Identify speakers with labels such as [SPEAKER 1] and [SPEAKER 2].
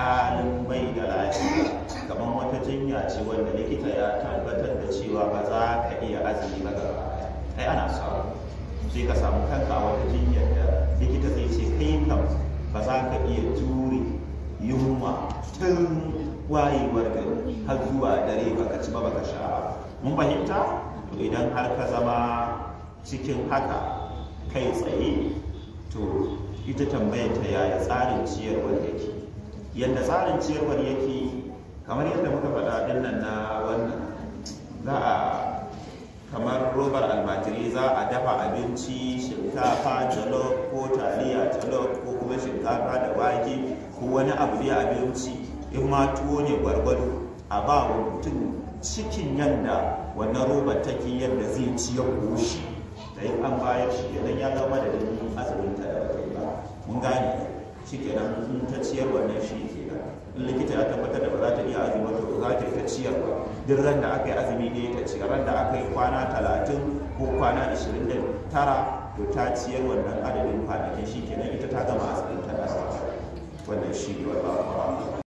[SPEAKER 1] halin bai da lafiya kamar wata jinya ce wanda likita ya tabbatar da cewa ba za ka iya azumi ba ga kai ana samu sai ka samu kanka a wata jinyar da likita zai ce kai kam ba za ka iya jure yunwa tun wayewar da har zuwa dare baka ci ba ka sha ba mun fahimta to idan har ka zama cikin haka kai tsaye to ita tambayar ta yaya tsarin ciyarwar yake yadda tsarin ciyarwar yake kamar yadda muka faɗa nan na wannan za a kamar robar almajiri za a dafa abinci shinkafa jalof ko taliya jalof ko kuma shinkafa da wake ko wani abu ne abinci in ma tuwo ne gwargwado a ba wa mutum cikin yadda wannan robar take yadda zai ci ya koshi da an bayar shi idan ya zama da azumin ta da ba shike ke nan in ta ciyar wannan shi ke nan in likita ya tabbatar da ba za ta iya azumi to za ta ta ciyar ba duk ran da aka yi azumi ne ta ciyar ran da aka yi kwana talatin ko kwana ashirin da tara to ta ciyar wannan adadin kwanakin shi ke nan ita ta gama azumin ta nasa wannan shi ne wallahu